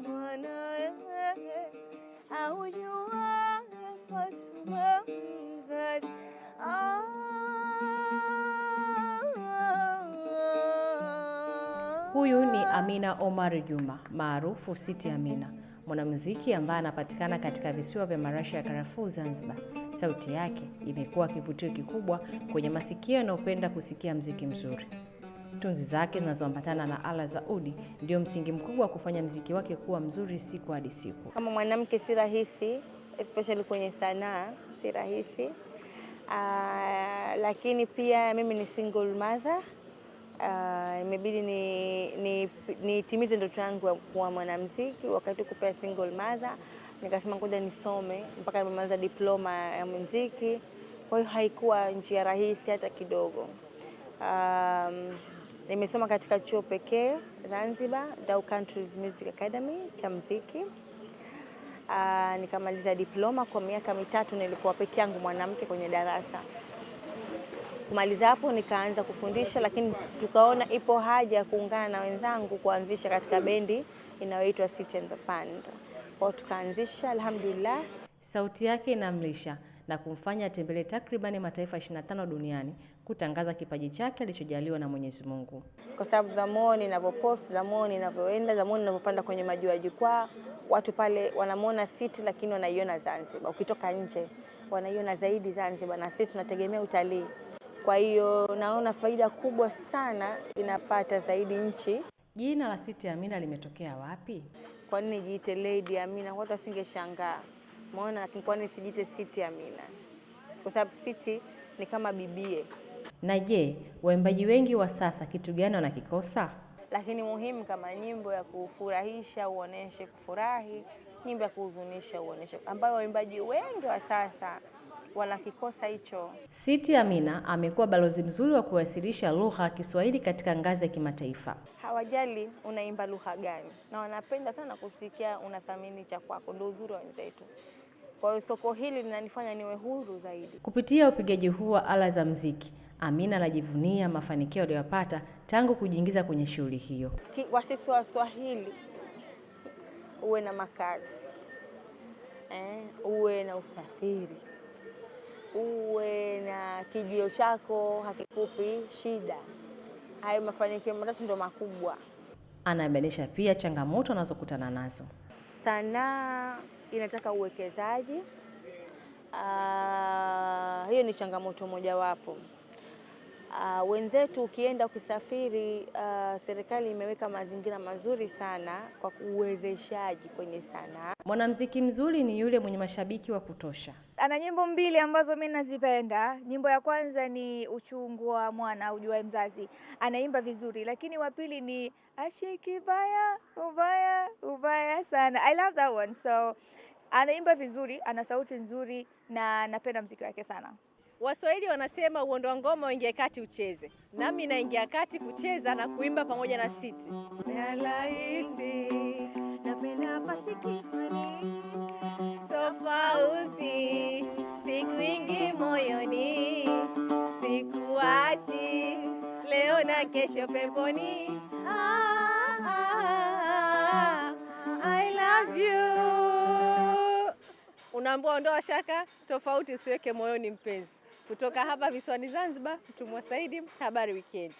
kwa aujuae Fatuma mzazi Huyu ni Amina Omar Juma maarufu Siti Amina, mwanamuziki ambaye anapatikana katika visiwa vya marasha ya karafuu Zanzibar. Sauti yake imekuwa kivutio kikubwa kwenye masikio yanayopenda kusikia mziki mzuri. Tunzi zake zinazoambatana na ala za udi ndio msingi mkubwa wa kufanya mziki wake kuwa mzuri siku hadi siku. Kama mwanamke si rahisi, especially kwenye sanaa si rahisi. Uh, lakini pia mimi ni single mother. Uh, imebidi nitimize ni, ni ndoto yangu ya kuwa mwanamziki Wakati kupea single mother, nikasema ngoja nisome mpaka nimemaliza diploma ya muziki. Kwa hiyo haikuwa njia rahisi hata kidogo. Um, Nimesoma katika chuo pekee Zanzibar, Dhow Countries Music Academy cha muziki. Uh, nikamaliza diploma kwa miaka mitatu, nilikuwa peke yangu mwanamke kwenye darasa. Kumaliza hapo nikaanza kufundisha, lakini tukaona ipo haja ya kuungana na wenzangu kuanzisha katika bendi inayoitwa Sit and the Band. Kwao tukaanzisha, alhamdulillah. Sauti yake inamlisha na kumfanya atembelee takribani mataifa 25 duniani kutangaza kipaji chake alichojaliwa na Mwenyezi Mungu. Kwa sababu muone ninavyopost, zamuo ninavyoenda, muone ninavyopanda kwenye majua jukwaa, watu pale wanamwona City lakini wanaiona Zanzibar. Ukitoka nje wanaiona zaidi Zanzibar, na sisi tunategemea utalii. Kwa hiyo naona faida kubwa sana inapata zaidi nchi. Jina la Siti Amina limetokea wapi? Kwa nini jiite Lady Amina? Watu wasingeshangaa. Umeona, lakini kwa nini Siti Amina? Kwa sababu Siti ni kama bibie. Na je, waimbaji wengi wa sasa kitu gani wanakikosa? Lakini muhimu kama nyimbo ya kufurahisha uoneshe kufurahi, nyimbo ya kuhuzunisha uoneshe, ambayo waimbaji wengi wa sasa wanakikosa hicho. Siti Amina amekuwa balozi mzuri wa kuwasilisha lugha ya Kiswahili katika ngazi ya kimataifa. Hawajali unaimba lugha gani, na wanapenda sana kusikia unathamini cha kwako, ndio uzuri wa wenzetu. Kwa hiyo soko hili linanifanya niwe huru zaidi. Kupitia upigaji huu wa ala za mziki, Amina anajivunia mafanikio aliyopata tangu kujiingiza kwenye shughuli hiyo. Wasisi wa Swahili, uwe na makazi eh, uwe na usafiri, uwe na kijio chako hakikupi shida. Hayo mafanikio matatu ndo makubwa. Anabainisha pia changamoto anazokutana nazo sanaa inataka uwekezaji. Aa, ah, hiyo ni changamoto mojawapo. Uh, wenzetu ukienda ukisafiri, uh, ah, serikali imeweka mazingira mazuri sana kwa uwezeshaji kwenye sanaa. Mwanamuziki mzuri ni yule mwenye mashabiki wa kutosha. Ana nyimbo mbili ambazo mimi nazipenda. Nyimbo ya kwanza ni uchungu wa mwana ujuae mzazi, anaimba vizuri, lakini wa pili ni ashiki baya ubaya ubaya sana. I love that one. So anaimba vizuri, ana sauti nzuri na napenda mziki wake sana. Waswahili wanasema uondo wa ngoma uingie kati ucheze, nami mm. naingia kati kucheza na kuimba pamoja na siti nalaiti laiti napenda pasikifani tofauti siku ingi moyoni sikuachi leo na kesho peponi. Ah, ah, ah, I love you. Unaambua ondoa shaka, tofauti usiweke moyoni mpenzi. Kutoka hapa visiwani Zanzibar, Mtumwa Saidi, habari wikendi.